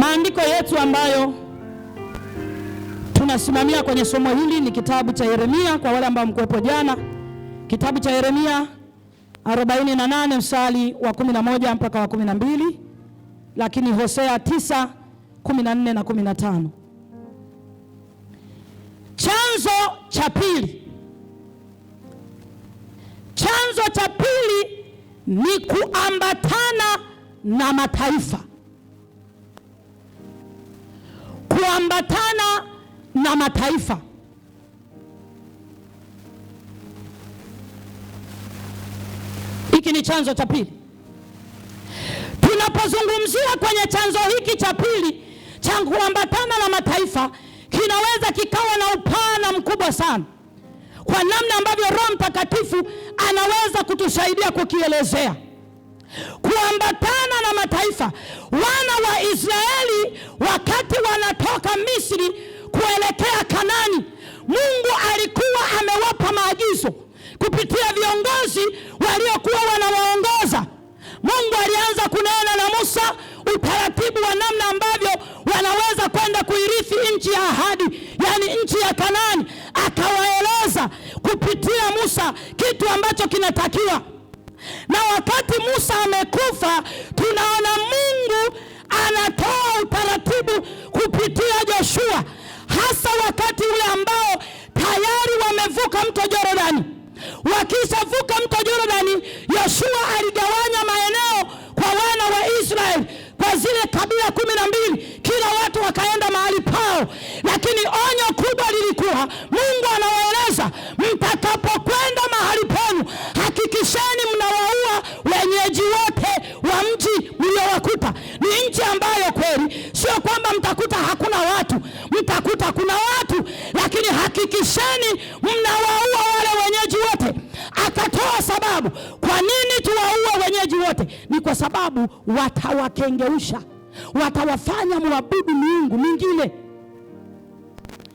Maandiko yetu ambayo tunasimamia kwenye somo hili ni kitabu cha Yeremia. Kwa wale ambao mkuwepo jana, kitabu cha Yeremia 48 mstari wa 11 mpaka wa 12, lakini Hosea 9 14 na 15. Chanzo cha pili, chanzo cha pili ni kuambatana na mataifa, kuambatana na mataifa. Hiki ni chanzo cha pili. Tunapozungumzia kwenye chanzo hiki cha pili cha kuambatana na mataifa, kinaweza kikawa na upana mkubwa sana kwa namna ambavyo Roho Mtakatifu anaweza kutusaidia kukielezea kuambatana na mataifa. Wana wa Israeli wakati wanatoka Misri kuelekea Kanani, Mungu alikuwa amewapa maagizo kupitia viongozi waliokuwa wanawaongoza. Mungu alianza kunena na Musa utaratibu wa namna ambavyo wanaweza kwenda kuirithi nchi ya ahadi, yaani nchi ya Kanaani. Akawaeleza kupitia Musa kitu ambacho kinatakiwa, na wakati Musa amekufa, tunaona Mungu anatoa utaratibu kupitia Joshua, hasa wakati ule ambao tayari wamevuka mto Jordani. Wakishavuka mto Jordani, Yoshua aligawanya maeneo kwa wana wa Israeli wa zile kabila kumi na mbili, kila watu wakaenda mahali pao, lakini onyo kubwa lilikuwa, Mungu anawaeleza mtakapokwenda mahali penu, hakikisheni mnawaua wenyeji wote wa mji mliowakuta. Ni nchi ambayo kweli sio kwamba mtakuta hakuna watu, mtakuta kuna watu, lakini hakikisheni mnawaua wale wenyeji wote akatoa sababu kwa nini tuwaue wenyeji wote. Ni kwa sababu watawakengeusha, watawafanya mwabudu miungu mingine.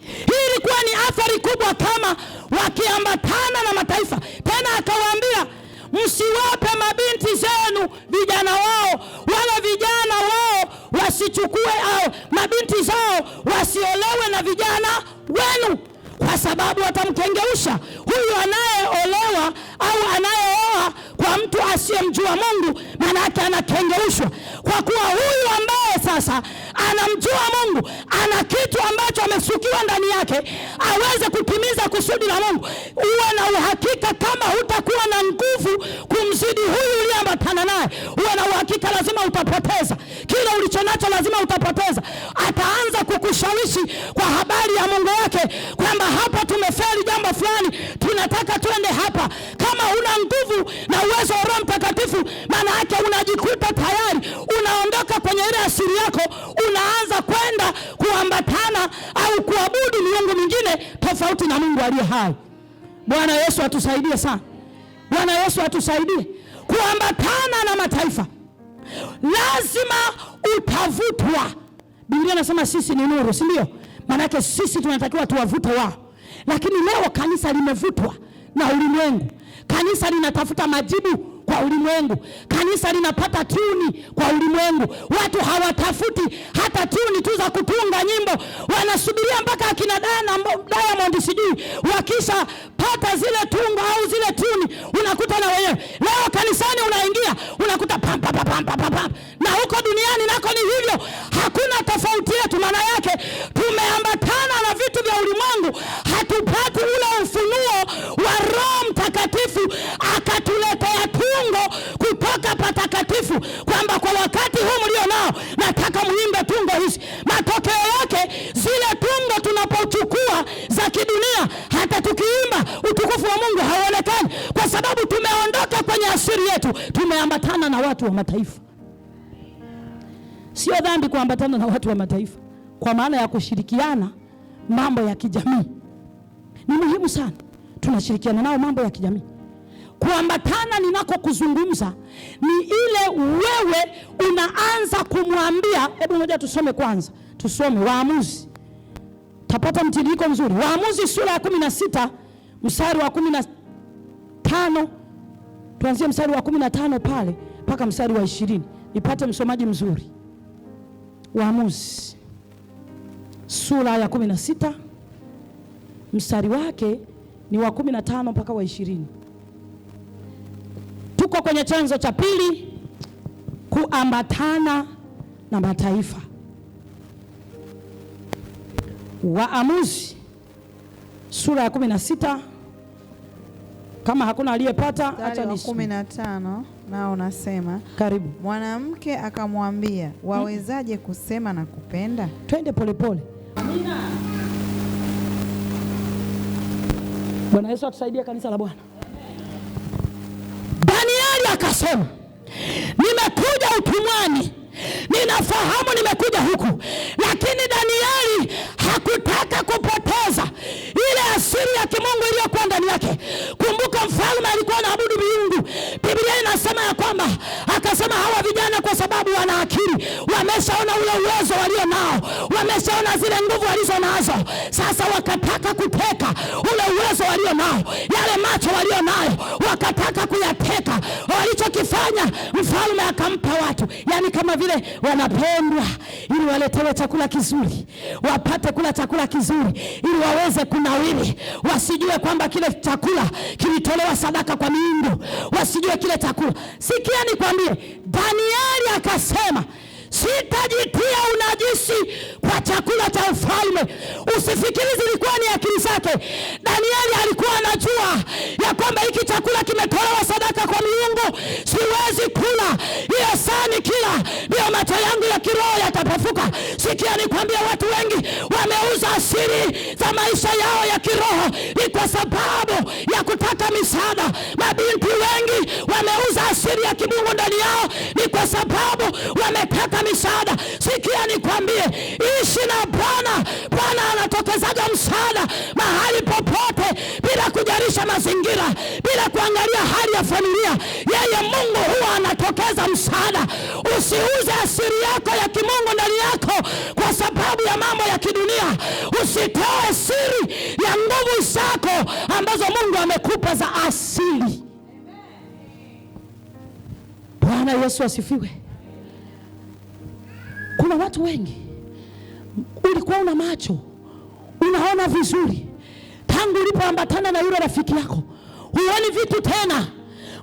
Hii ilikuwa ni athari kubwa, kama wakiambatana na mataifa. Tena akawaambia msiwape mabinti zenu vijana wao, wala vijana wao wasichukue au mabinti zao wasiolewe na vijana wenu kwa sababu watamkengeusha huyu anayeolewa au anayeoa kwa mtu asiyemjua Mungu, maana anakengeushwa, kwa kuwa huyu ambaye sasa anamjua Mungu, ana kitu ambacho amesukiwa ndani yake aweze kutimiza kusudi la Mungu. Uwe na uhakika, kama hutakuwa na nguvu kumzidi huyu uliyeambatana naye, uwe na uhakika lazima utapoteza ulicho ulichonacho, lazima utapoteza. Ataanza kukushawishi kwa habari ya Mungu wake kwamba hapa tumefeli jambo fulani, tunataka twende hapa. Kama una nguvu na uwezo wa Roho Mtakatifu, maana yake unajikuta tayari unaondoka kwenye ile asili yako unaanza kwenda kuambatana au kuabudu miungu mingine tofauti na Mungu aliye hai. Bwana Yesu atusaidie sana. Bwana Yesu atusaidie kuambatana na mataifa, lazima utavutwa. Biblia inasema sisi ni nuru, si ndio? Maanake sisi tunatakiwa tuwavute wao, lakini leo kanisa limevutwa na ulimwengu. Kanisa linatafuta majibu kwa ulimwengu. Kanisa linapata tuni kwa ulimwengu. Watu hawatafuti hata tuni tu za kutunga nyimbo, wanasubiria mpaka akina Diamond sijui wakishapata zile tungo au zile tuni, unakuta na wenyewe leo kanisani unaingia unakuta pam, pam, pam, pam, pam. Na huko duniani nako ni hivyo, hakuna tofauti yetu. Maana yake tumeambatana na vitu vya ulimwengu, hatupati ule ufunuo wa Roho Mtakatifu akatuleta tungo kutoka patakatifu, kwamba kwa wakati huu mlio nao nataka mwimbe tungo hizi. Matokeo yake zile tungo tunapochukua za kidunia, hata tukiimba utukufu wa Mungu hauonekani, kwa sababu tumeondoka kwenye asili yetu, tumeambatana na watu wa mataifa. Sio dhambi kuambatana na watu wa mataifa kwa maana ya kushirikiana mambo ya kijamii, ni muhimu sana tunashirikiana nao mambo ya kijamii kuambatana ninakokuzungumza ni ile wewe unaanza kumwambia. Hebu moja tusome kwanza, tusome Waamuzi, tapata mtiririko mzuri. Waamuzi sura ya kumi na sita mstari wa kumi na tano tuanzie mstari wa kumi na tano pale mpaka mstari wa ishirini nipate msomaji mzuri. Waamuzi sura ya kumi na sita mstari wake ni wa kumi na tano mpaka wa ishirini. Tuko kwenye chanzo cha pili, kuambatana na mataifa. Waamuzi sura ya 16 kama hakuna aliyepata, acha ni 15 nao unasema karibu. Mwanamke akamwambia, wawezaje kusema na kupenda? Twende polepole. Amina. Bwana Yesu atusaidie kanisa la Bwana akasema, nimekuja utumwani, ninafahamu nimekuja huku, lakini Danieli hakutaka kupoteza ile asiri ya kimungu iliyokuwa ndani yake mfalme alikuwa anaabudu miungu. Biblia inasema ya kwamba akasema hawa vijana, kwa sababu wana akili, wameshaona ule uwezo walio nao, wameshaona zile nguvu walizo nazo. Sasa wakataka kuteka ule uwezo walio nao, yale macho walio nayo, wakataka kuyateka. Walichokifanya, mfalme akampa watu, yani kama vile wanapendwa, ili waletewe chakula kizuri, wapate kula chakula kizuri, ili waweze kunawiri, wasijue kwamba kile chakula kilito kutolewa sadaka kwa miungu, wasijue kile chakula. Sikia nikwambie, Danieli akasema sitajitia unajisi kwa chakula cha ufalme. Usifikiri zilikuwa ni akili zake. Danieli alikuwa anajua ya kwamba hiki chakula kimetolewa sadaka kwa miungu, siwezi kula hiyo sani, kila ndiyo macho yangu ya kiroho yatapofuka. Sikia nikwambia, watu wengi wameuza siri za maisha yao ya kiroho ni kwa sababu nguvu ya kupata misaada. Mabinti wengi wameuza asili ya kibungu ndani yao, ni kwa sababu wametaka misaada. Sikia nikwambie, ishi na Bwana. Bwana anatokezaga msaada mahali popote, bila kujarisha mazingira, bila kuangalia hali ya familia. Yeye Mungu huwa anatokeza msaada usiu Geuza asiri yako ya kimungu ndani yako kwa sababu ya mambo ya kidunia. Usitoe siri ya nguvu zako ambazo Mungu amekupa za asili. Bwana Yesu asifiwe. Kuna watu wengi, ulikuwa una macho, unaona vizuri, tangu ulipoambatana na yule rafiki yako huoni vitu tena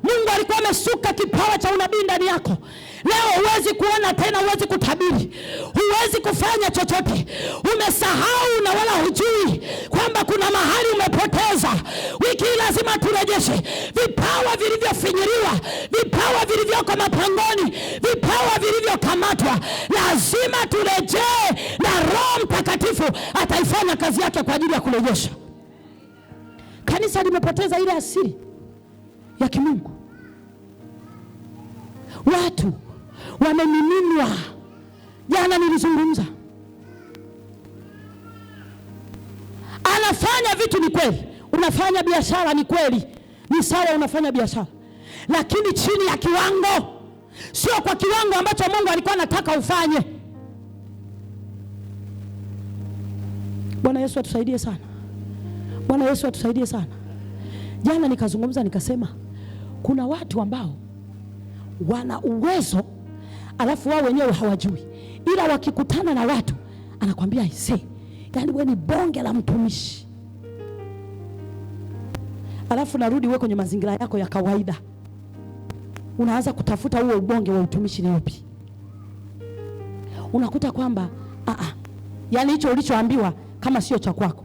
Mungu alikuwa amesuka kipawa cha unabii ndani yako. Leo huwezi kuona tena, huwezi kutabiri, huwezi kufanya chochote. Umesahau na wala hujui kwamba kuna mahali umepoteza. Wiki hii lazima turejeshe vipawa vilivyofinyiliwa, vipawa vilivyoko mapangoni, vipawa vilivyokamatwa. Lazima turejee, na Roho Mtakatifu ataifanya kazi yake kwa ajili ya kurejesha. Kanisa limepoteza ile asili ya kimungu. Watu wamemiminwa. Jana nilizungumza, anafanya vitu ni kweli, unafanya biashara ni kweli, ni sawa, unafanya biashara lakini chini ya kiwango, sio kwa kiwango ambacho Mungu alikuwa anataka ufanye. Bwana Yesu atusaidie sana. Bwana Yesu atusaidie sana. Jana nikazungumza nikasema kuna watu ambao wana uwezo alafu wao wenyewe hawajui, ila wakikutana na watu anakwambia ise, yani we ni bonge la mtumishi. Alafu narudi we kwenye mazingira yako ya kawaida, unaanza kutafuta huo ubonge wa utumishi ni upi. Unakuta kwamba a, ah, ah, yani hicho ulichoambiwa kama sio cha kwako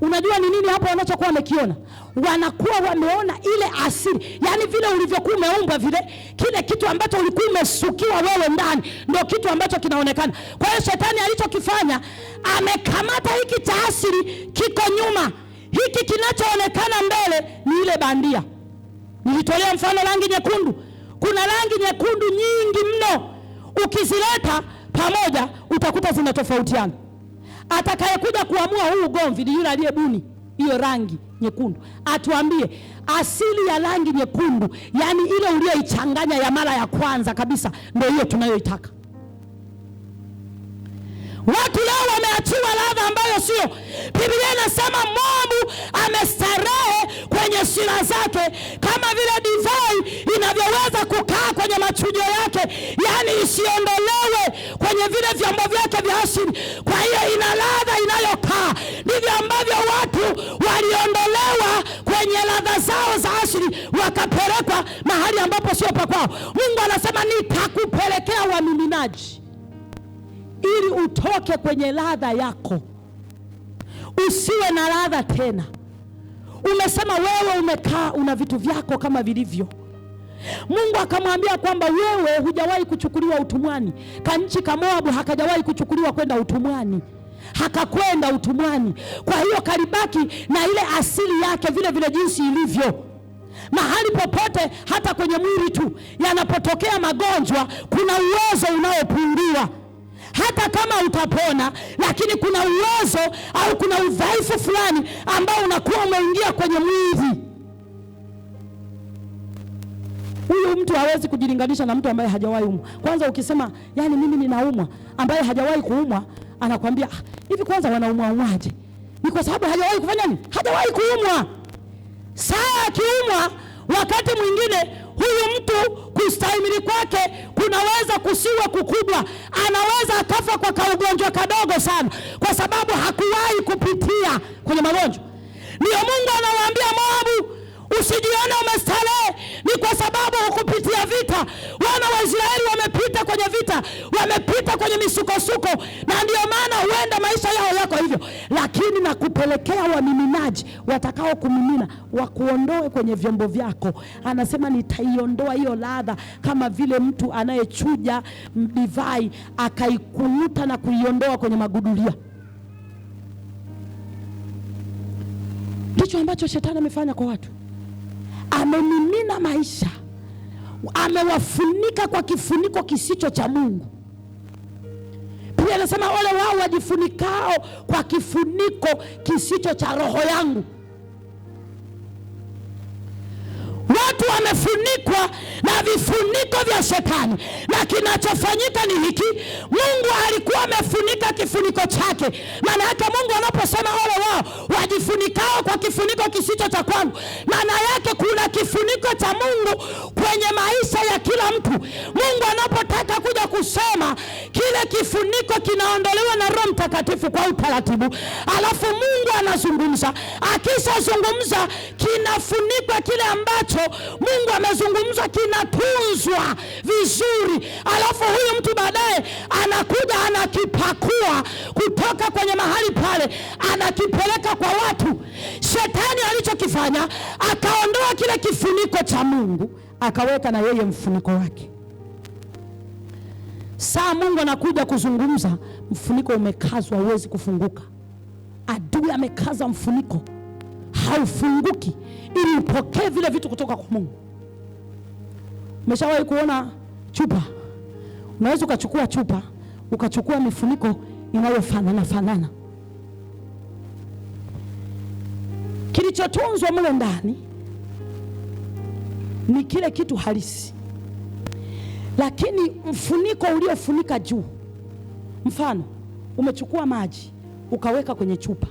Unajua ni nini hapo wanachokuwa wamekiona? Wanakuwa wameona ile asili, yaani vile ulivyokuwa umeumbwa, vile kile kitu ambacho ulikuwa umesukiwa wewe ndani, ndio kitu ambacho kinaonekana. Kwa hiyo shetani alichokifanya, amekamata hiki cha asili, kiko nyuma. Hiki kinachoonekana mbele ni ile bandia. Nilitolea mfano rangi nyekundu. Kuna rangi nyekundu nyingi mno, ukizileta pamoja utakuta zinatofautiana. Atakayekuja kuamua huu ugomvi ni yule aliyebuni hiyo rangi nyekundu, atuambie asili ya rangi nyekundu, yaani ile uliyoichanganya ya mara ya kwanza kabisa, ndio hiyo tunayoitaka. Watu leo wameachiwa ladha ambayo sio. Biblia inasema Mungu amestarehe kwenye shira zake, kama vile divai inavyoweza kukaa kwenye machujo yake, yaani isiondolewe kwenye vile vyombo vyake vya asili. Kwa hiyo ina ladha inayokaa. Ndivyo ambavyo watu waliondolewa kwenye ladha zao za asili, wakapelekwa mahali ambapo sio pakwao. Mungu anasema nitakupelekea wamininaji ili utoke kwenye ladha yako, usiwe na ladha tena. Umesema wewe umekaa una vitu vyako kama vilivyo. Mungu akamwambia kwamba wewe hujawahi kuchukuliwa utumwani. Kanchi ka Moabu hakajawahi kuchukuliwa kwenda utumwani, hakakwenda utumwani. Kwa hiyo kalibaki na ile asili yake vile vile jinsi ilivyo mahali popote, hata kwenye mwili tu yanapotokea magonjwa, kuna uwezo unaopungua hata kama utapona, lakini kuna uwezo au kuna udhaifu fulani ambao unakuwa umeingia kwenye mwili. Huyu mtu hawezi kujilinganisha na mtu ambaye hajawahi umwa. Kwanza ukisema yani mimi ninaumwa, ambaye hajawahi kuumwa anakwambia ah, hivi, kwanza wanaumwa Ni kwa sababu hajawahi kufanya nini? Hajawahi kuumwa. Saa akiumwa, wakati mwingine huyu mtu kustahimili kwake kunaweza kusiwa kukubwa, anaweza akafa kwa kaugonjwa kadogo sana, kwa sababu hakuwahi kupitia kwenye magonjwa. ndio Mungu anawaambia Moabu Usijione umestarehe, ni kwa sababu hukupitia vita. Wana wa Israeli wamepita kwenye vita, wamepita kwenye misukosuko, na ndiyo maana huenda maisha yao yako hivyo, lakini na kupelekea wamiminaji watakao kumimina wakuondoe kwenye vyombo vyako. Anasema nitaiondoa hiyo ladha, kama vile mtu anayechuja divai akaikuuta na kuiondoa kwenye magudulia. Ndicho ambacho shetani amefanya kwa watu amemimina maisha, amewafunika kwa kifuniko kisicho cha Mungu. Pia anasema wale wao wajifunikao kwa kifuniko kisicho cha roho yangu wamefunikwa na vifuniko vya shetani, na kinachofanyika ni hiki: Mungu alikuwa amefunika kifuniko chake. Maana yake Mungu anaposema ole wao wajifunikao kwa kifuniko kisicho cha kwangu, maana yake kuna kifuniko cha Mungu kwenye maisha ya kila mtu. Mungu anapotaka kuja kusema, kile kifuniko kinaondolewa na Roho Mtakatifu kwa utaratibu, alafu Mungu anazungumza. Akishazungumza kinafunikwa, kile ambacho Mungu amezungumza kinatunzwa vizuri, alafu huyu mtu baadaye anakuja anakipakua kutoka kwenye mahali pale, anakipeleka kwa watu. Shetani alichokifanya akaondoa kile kifuniko cha Mungu akaweka na yeye mfuniko wake. Saa Mungu anakuja kuzungumza, mfuniko umekazwa, huwezi kufunguka. Adui amekaza mfuniko, haufunguki ili upokee vile vitu kutoka kwa Mungu. Umeshawahi kuona chupa? Unaweza ukachukua chupa ukachukua mifuniko inayofanana fanana, kilichotunzwa mle ndani ni kile kitu halisi, lakini mfuniko uliofunika juu. Mfano, umechukua maji ukaweka kwenye chupa,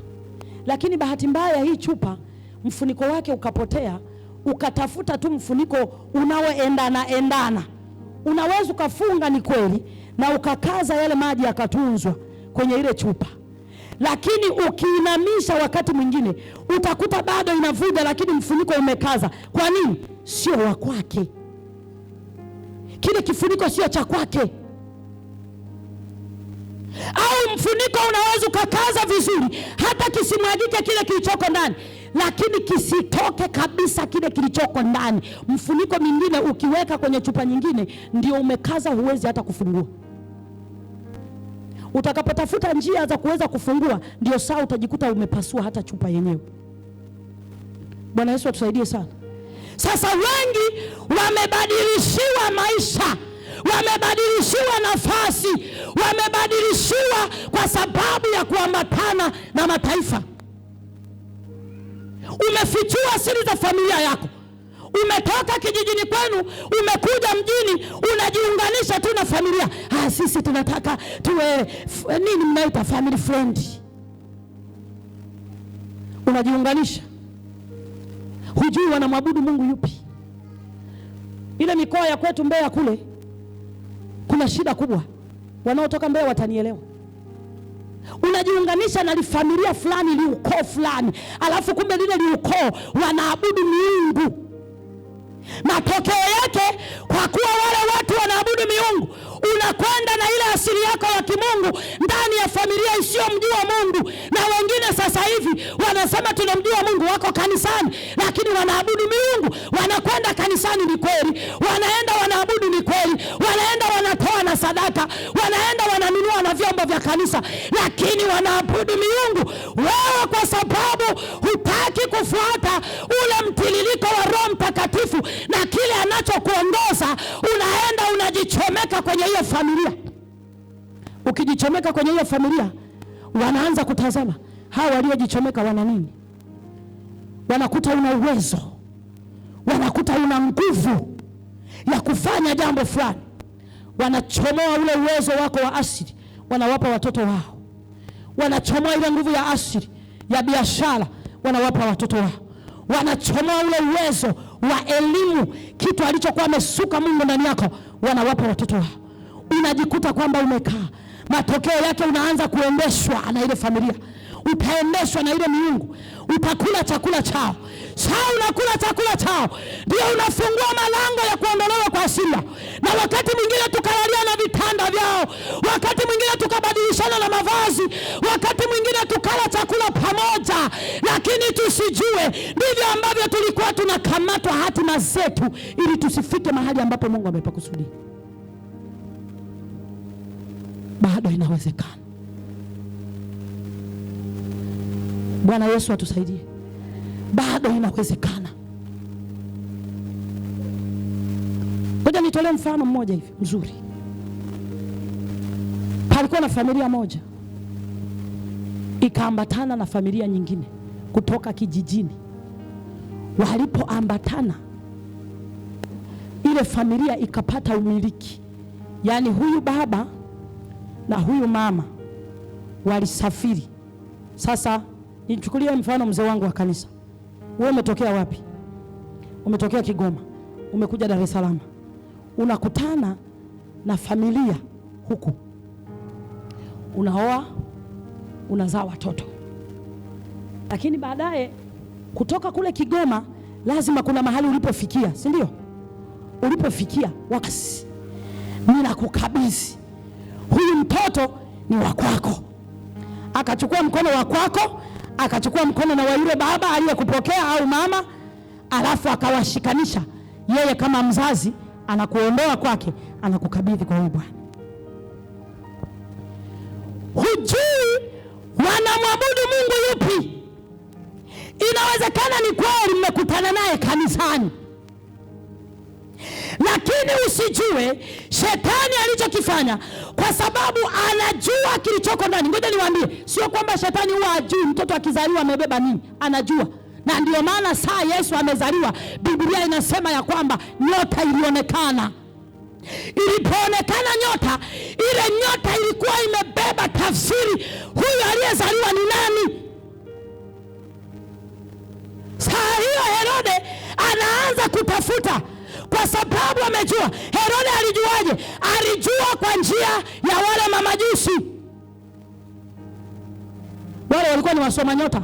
lakini bahati mbaya hii chupa mfuniko wake ukapotea, ukatafuta tu mfuniko unaoendana endana. Unaweza ukafunga ni kweli, na ukakaza yale maji yakatunzwa kwenye ile chupa lakini ukiinamisha wakati mwingine utakuta bado inavuja, lakini mfuniko umekaza. Kwa nini? sio wa kwake, kile kifuniko sio cha kwake. Au mfuniko unaweza ukakaza vizuri hata kisimwagike kile kilichoko ndani, lakini kisitoke kabisa kile kilichoko ndani. Mfuniko mwingine ukiweka kwenye chupa nyingine, ndio umekaza, huwezi hata kufungua. Utakapotafuta njia za kuweza kufungua, ndio saa utajikuta umepasua hata chupa yenyewe. Bwana Yesu atusaidie sana. Sasa wengi wamebadilishiwa maisha, wamebadilishiwa nafasi, wamebadilishiwa kwa sababu ya kuambatana na mataifa. Umefichua siri za familia yako, umetoka kijijini kwenu, umekuja mjini, unajiunganisha tu na familia. Ah, sisi tunataka tuwe nini, mnaita family friend, unajiunganisha hujui wanamwabudu Mungu yupi. Ile mikoa ya kwetu Mbeya kule kuna shida kubwa, wanaotoka Mbeya watanielewa. Unajiunganisha na familia fulani, liukoo fulani, alafu kumbe lile liukoo wanaabudu miungu. Matokeo yake, kwa kuwa wale watu wanaabudu miungu unakwenda na ile asili yako ya kimungu ndani ya familia isiyomjua Mungu. Na wengine sasa hivi wanasema tunamjua Mungu, wako kanisani lakini wanaabudu miungu. Wanakwenda kanisani ni kweli, wanaenda wanaabudu ni kweli, wanaenda wanatoa na sadaka, wanaenda wananunua na vyombo vya kanisa, lakini wanaabudu miungu. Wewe kwa sababu hutaki kufuata ule mtiririko wa Roho Mtakatifu na kile anachokuongoza, unaenda unajichomeka kwenye hiyo familia, ukijichomeka kwenye hiyo familia, wanaanza kutazama hawa waliojichomeka wana nini. Wanakuta una uwezo, wanakuta una nguvu ya kufanya jambo fulani. Wanachomoa ule uwezo wako wa asili, wanawapa watoto wao. Wanachomoa ile nguvu ya asili ya biashara, wanawapa watoto wao. Wanachomoa ule uwezo wa elimu, kitu alichokuwa amesuka Mungu ndani yako, wanawapa watoto wao unajikuta kwamba umekaa, matokeo yake unaanza kuendeshwa na ile familia, utaendeshwa na ile miungu, utakula chakula chao saa unakula chakula chao, ndio unafungua malango ya kuondolewa kwa sila. Na wakati mwingine tukalalia na vitanda vyao, wakati mwingine tukabadilishana na mavazi, wakati mwingine tukala chakula pamoja, lakini tusijue ndivyo ambavyo tulikuwa tunakamatwa hatima zetu, ili tusifike mahali ambapo Mungu amepakusudia bado inawezekana. Bwana Yesu atusaidie, bado inawezekana. Ngoja nitolee mfano mmoja hivi mzuri. Palikuwa na familia moja ikaambatana na familia nyingine kutoka kijijini. Walipoambatana, ile familia ikapata umiliki, yaani huyu baba na huyu mama walisafiri. Sasa nichukulie mfano, mzee wangu wa kanisa, wewe umetokea wapi? Umetokea Kigoma, umekuja Dar es Salaam, unakutana na familia huku, unaoa, unazaa watoto, lakini baadaye kutoka kule Kigoma lazima kuna mahali ulipofikia, si ndio? Ulipofikia wakasi, ninakukabidhi huyu mtoto ni wa kwako. Akachukua mkono wa kwako, akachukua mkono na wa yule baba aliyekupokea au mama, alafu akawashikanisha. Yeye kama mzazi anakuondoa kwake, anakukabidhi kwa huyu bwana. Hujui wanamwabudu Mungu yupi. Inawezekana ni kweli mmekutana naye kanisani lakini usijue shetani alichokifanya, kwa sababu anajua kilichoko ndani. Ngoja niwaambie, sio kwamba shetani huwa ajui mtoto akizaliwa amebeba nini, anajua na ndio maana saa Yesu amezaliwa, Biblia inasema ya kwamba nyota ilionekana. Ilipoonekana nyota, ile nyota ilikuwa imebeba tafsiri, huyu aliyezaliwa ni nani? Saa hiyo Herode anaanza kutafuta sababu amejua. Herode alijuaje? Alijua kwa njia ya wale mamajusi wale, walikuwa ni wasoma nyota,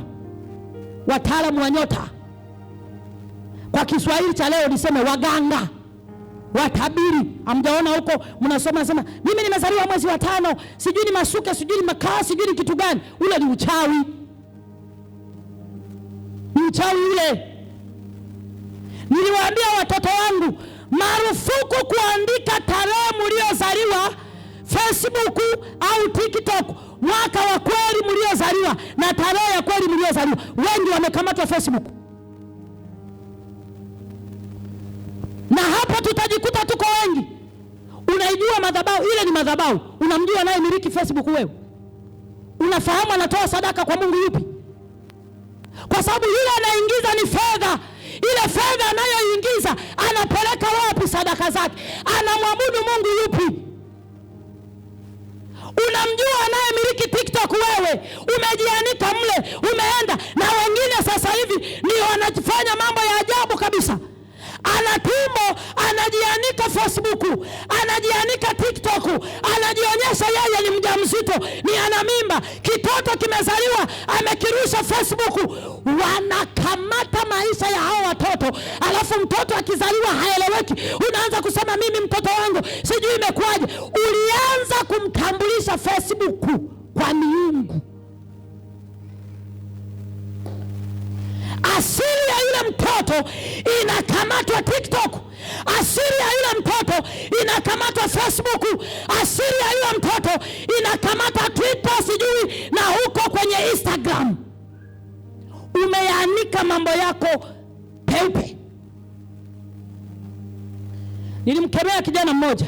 wataalamu wa nyota. Kwa Kiswahili cha leo niseme waganga watabiri. Amjaona huko mnasoma sema, mimi nimezaliwa mwezi wa tano, sijui ni masuke, sijui ni makaa, sijui ni kitu gani. Ule ni uchawi, ni uchawi ule. Niliwaambia watoto wangu marufuku kuandika tarehe mliozaliwa Facebook au TikTok, mwaka wa kweli mliozaliwa na tarehe ya kweli mliozaliwa. Wengi wamekamatwa Facebook, na hapo tutajikuta tuko wengi. Unaijua madhabahu ile, ni madhabahu. Unamjua naye miliki Facebook wewe? Unafahamu anatoa sadaka kwa Mungu yupi? Kwa sababu yule anaingiza ni fedha ile fedha anayoingiza anapeleka wapi? Sadaka zake, anamwabudu Mungu yupi? Unamjua anayemiliki TikTok? Wewe umejianika mle, umeenda na wengine sasa hivi ni wanafanya mambo ya ajabu kabisa ana tumbo, anajianika Facebook, anajianika TikTok, anajionyesha yeye ni mjamzito, ni ana mimba, kitoto kimezaliwa, amekirusha Facebook. Wanakamata maisha ya hao watoto, alafu mtoto akizaliwa haeleweki, unaanza kusema mimi mtoto wangu sijui imekuwaje. Ulianza kumtambulisha Facebook kwa miungu. asili ya yule mtoto inakamatwa TikTok, asili ya yule mtoto inakamatwa Facebook, asili ya yule mtoto inakamata Twitter, sijui na huko kwenye Instagram. Umeyaanika mambo yako peupe. Nilimkemea kijana mmoja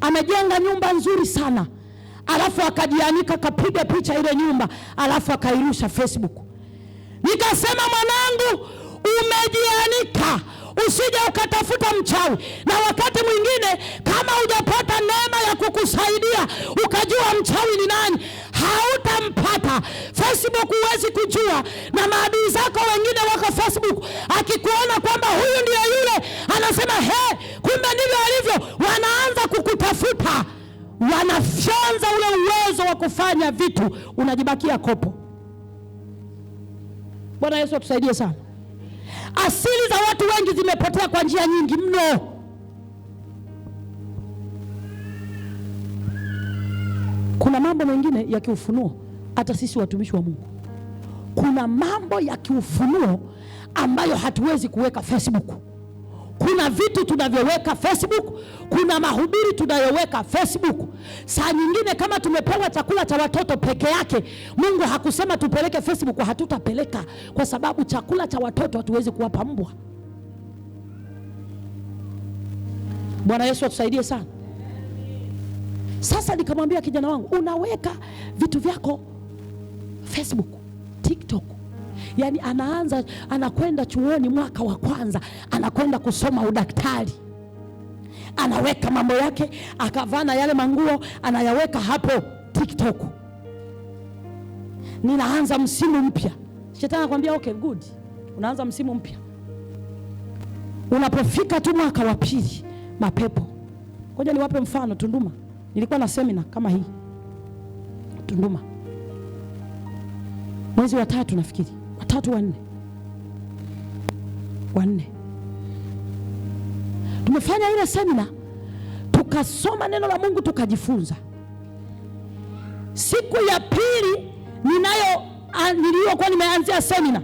amejenga nyumba nzuri sana, alafu akajianika, akapiga picha ile nyumba, alafu akairusha Facebook nikasema, mwanangu, umejianika usije ukatafuta mchawi. Na wakati mwingine kama hujapata neema ya kukusaidia ukajua mchawi ni nani, hautampata. Facebook huwezi kujua, na maadui zako wengine wako Facebook, akikuona kwamba huyu ndiye yule, anasema he, kumbe ndivyo alivyo, wanaanza kukutafuta, wanafyanza ule uwezo wa kufanya vitu, unajibakia kopo. Bwana Yesu atusaidie sana. Asili za watu wengi zimepotea kwa njia nyingi mno. Kuna mambo mengine ya kiufunuo, hata sisi watumishi wa Mungu, kuna mambo ya kiufunuo ambayo hatuwezi kuweka Facebook kuna vitu tunavyoweka Facebook, kuna mahubiri tunayoweka Facebook. Saa nyingine kama tumepewa chakula cha watoto peke yake, Mungu hakusema tupeleke Facebook, hatutapeleka kwa sababu chakula cha watoto hatuwezi kuwapa mbwa. Bwana Yesu atusaidie sana. Sasa nikamwambia kijana wangu, unaweka vitu vyako Facebook, TikTok yani anaanza anakwenda chuoni mwaka wa kwanza, anakwenda kusoma udaktari anaweka mambo yake, akavana yale manguo anayaweka hapo TikTok, ninaanza msimu mpya. Shetani anakuambia okay, good, unaanza msimu mpya. Unapofika tu mwaka wa pili, mapepo. Ngoja niwape mfano. Tunduma nilikuwa na semina kama hii Tunduma mwezi wa tatu nafikiri watatu wanne wanne, tumefanya ile semina, tukasoma neno la Mungu tukajifunza. Siku ya pili ninayo niliyokuwa nimeanzia semina,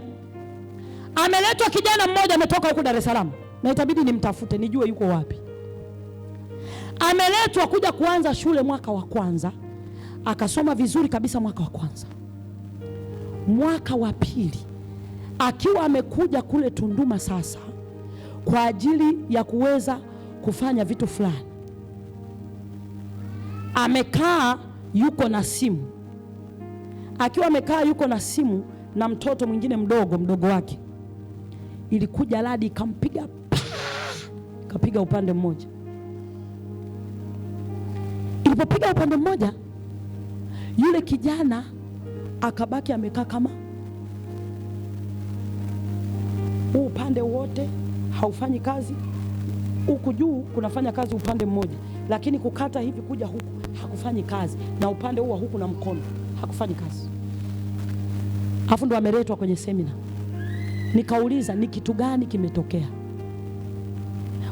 ameletwa kijana mmoja ametoka huko Dar es Salaam, na itabidi nimtafute nijue yuko wapi. Ameletwa kuja kuanza shule mwaka wa kwanza, akasoma vizuri kabisa mwaka wa kwanza. Mwaka wa pili akiwa amekuja kule Tunduma sasa kwa ajili ya kuweza kufanya vitu fulani. Amekaa yuko na simu, akiwa amekaa yuko na simu na mtoto mwingine mdogo mdogo wake, ilikuja radi ikampiga, ikapiga upande mmoja. Ilipopiga upande mmoja, yule kijana akabaki amekaa kama huu upande wote haufanyi kazi, huku juu kunafanya kazi upande mmoja, lakini kukata hivi kuja huku hakufanyi kazi, na upande huu wa huku na mkono hakufanyi kazi. Alafu ndo ameletwa kwenye semina, nikauliza ni kitu gani kimetokea?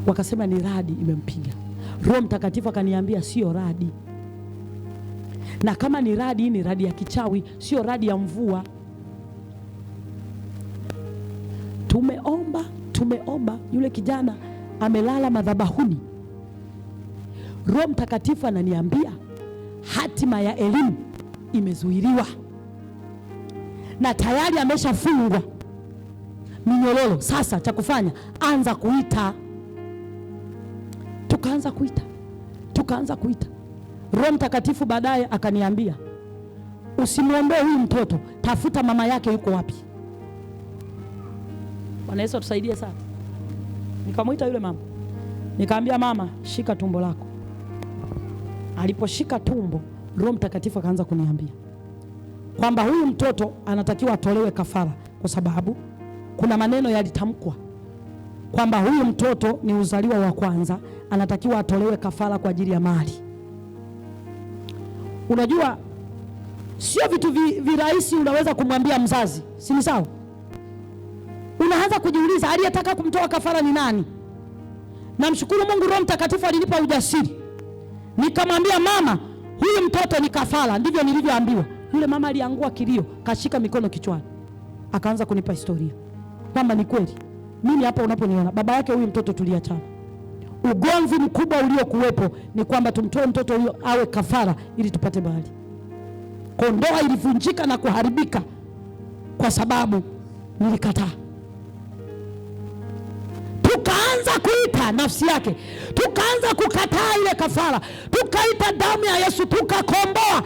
Wakasema ni radi imempiga. Roho Mtakatifu akaniambia sio radi, na kama ni radi, ni radi ya kichawi, sio radi ya mvua. tumeomba tumeomba, yule kijana amelala madhabahuni. Roho Mtakatifu ananiambia hatima ya elimu imezuiliwa na tayari ameshafungwa minyororo. Sasa cha kufanya, anza kuita. Tukaanza kuita, tukaanza kuita. Roho Mtakatifu baadaye akaniambia usimwombee huyu mtoto, tafuta mama yake yuko wapi. Bwana Yesu atusaidie sana. Nikamwita yule mama, nikaambia mama, shika tumbo lako. Aliposhika tumbo, Roho Mtakatifu akaanza kuniambia kwamba huyu mtoto anatakiwa atolewe kafara, kwa sababu kuna maneno yalitamkwa kwamba huyu mtoto ni uzaliwa wa kwanza, anatakiwa atolewe kafara kwa ajili ya mali. Unajua sio vitu virahisi vi unaweza kumwambia mzazi, si ni sawa? unaanza kujiuliza aliyetaka kumtoa kafara ni nani? Namshukuru Mungu, Roho Mtakatifu alinipa ujasiri, nikamwambia mama, huyu mtoto ni kafara. Ndivyo nilivyoambiwa. Yule mama aliangua kilio, kashika mikono kichwani, akaanza kunipa historia kwamba ni kweli mimi hapa unaponiona, baba yake huyu mtoto tuliachana. Ugomvi mkubwa uliokuwepo ni kwamba tumtoe mtoto huyo awe kafara ili tupate mali. Kondoa ilivunjika na kuharibika kwa sababu nilikataa tukaanza kuita nafsi yake, tukaanza kukataa ile kafara, tukaita damu ya Yesu, tukakomboa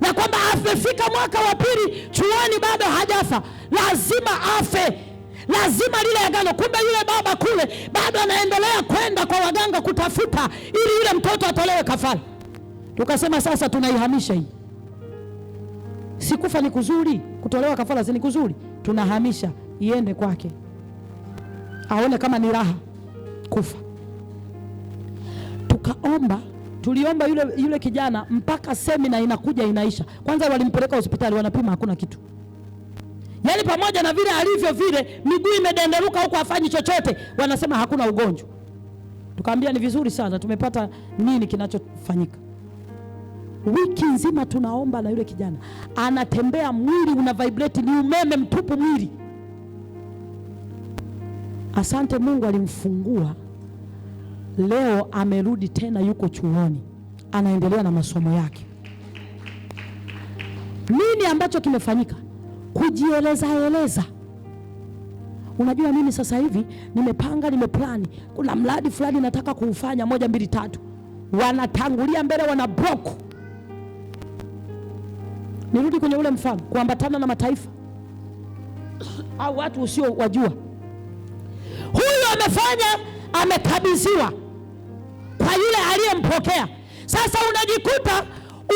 na kwamba amefika mwaka wa pili chuani, bado hajafa, lazima afe, lazima lile agano. Kumbe yule baba kule bado anaendelea kwenda kwa waganga kutafuta ili yule mtoto atolewe kafara. Tukasema sasa tunaihamisha hii, sikufa ni kuzuri, kutolewa kafara si ni kuzuri, tunahamisha iende kwake aone kama ni raha kufa. Tukaomba, tuliomba yule, yule kijana mpaka semina inakuja inaisha. Kwanza walimpeleka hospitali, wanapima hakuna kitu, yaani pamoja na vile alivyo vile, miguu imedenderuka huko, afanyi chochote, wanasema hakuna ugonjwa. Tukaambia ni vizuri sana, tumepata nini kinachofanyika. Wiki nzima tunaomba na yule kijana anatembea, mwili una vibrate, ni umeme mtupu mwili Asante Mungu alimfungua. Leo amerudi tena, yuko chuoni anaendelea na masomo yake. Nini ambacho kimefanyika? Kujieleza eleza. Unajua, mimi sasa hivi nimepanga, nimeplani, kuna mradi fulani nataka kuufanya, moja mbili tatu. Wanatangulia mbele, wana block. Nirudi kwenye ule mfano, kuambatana na mataifa au watu usio wajua huyu amefanya, amekabidhiwa kwa yule aliyempokea. Sasa unajikuta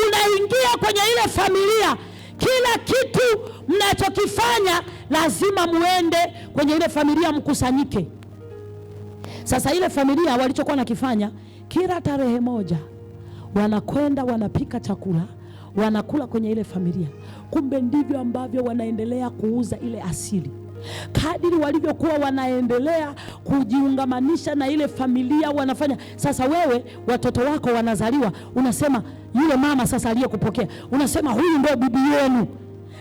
unaingia kwenye ile familia, kila kitu mnachokifanya lazima muende kwenye ile familia, mkusanyike. Sasa ile familia walichokuwa nakifanya kila tarehe moja wanakwenda wanapika chakula wanakula kwenye ile familia. Kumbe ndivyo ambavyo wanaendelea kuuza ile asili kadiri walivyokuwa wanaendelea kujiungamanisha na ile familia wanafanya. Sasa wewe watoto wako wanazaliwa, unasema yule mama sasa aliyekupokea, unasema huyu ndio bibi yenu,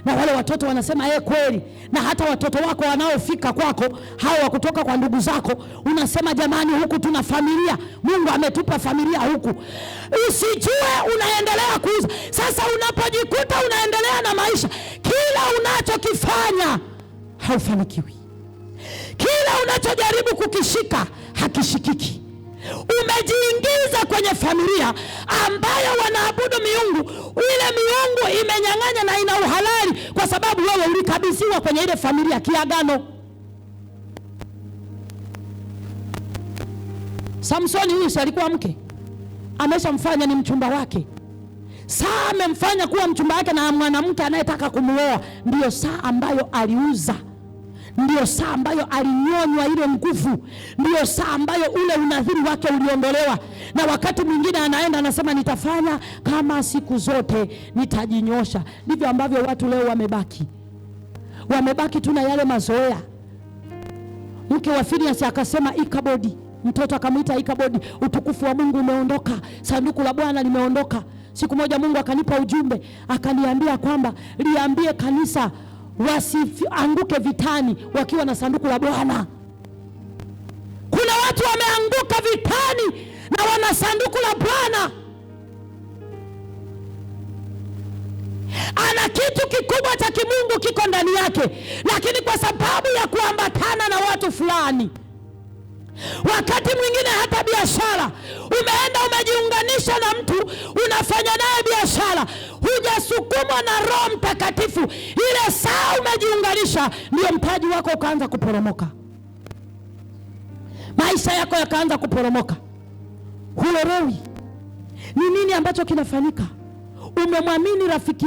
na wale watoto wanasema ee, kweli. Na hata watoto wako wanaofika kwako, hao wa kutoka kwa ndugu zako, unasema jamani, huku tuna familia, Mungu ametupa familia huku. Usijue unaendelea kuuza. Sasa unapojikuta unaendelea na maisha, kila unachokifanya haufanikiwi. Kila unachojaribu kukishika hakishikiki. Umejiingiza kwenye familia ambayo wanaabudu miungu, ile miungu imenyang'anya na ina uhalali, kwa sababu wewe ulikabidhiwa kwenye ile familia kiagano. Samsoni huyu si alikuwa mke, ameshamfanya ni mchumba wake. Saa amemfanya kuwa mchumba wake na mwanamke anayetaka kumuoa, ndiyo saa ambayo aliuza ndiyo saa ambayo alinyonywa ile nguvu, ndiyo saa ambayo ule unadhiri wake uliondolewa. Na wakati mwingine anaenda anasema, nitafanya kama siku zote, nitajinyosha. Ndivyo ambavyo watu leo wamebaki, wamebaki tu na yale mazoea. Mke wa Finiasi akasema Ikabodi, mtoto akamwita Ikabodi. Utukufu wa Mungu umeondoka, sanduku la Bwana limeondoka. Siku moja Mungu akanipa ujumbe, akaniambia kwamba liambie kanisa wasianguke vitani wakiwa na sanduku la Bwana. Kuna watu wameanguka vitani na wana sanduku la Bwana. Ana kitu kikubwa cha kimungu kiko ndani yake, lakini kwa sababu ya kuambatana na watu fulani Wakati mwingine hata biashara, umeenda umejiunganisha na mtu, unafanya naye biashara, hujasukumwa na Roho Mtakatifu, ile saa umejiunganisha, ndio mtaji wako ukaanza kuporomoka, maisha yako yakaanza kuporomoka, huelewi ni nini ambacho kinafanyika. Umemwamini rafiki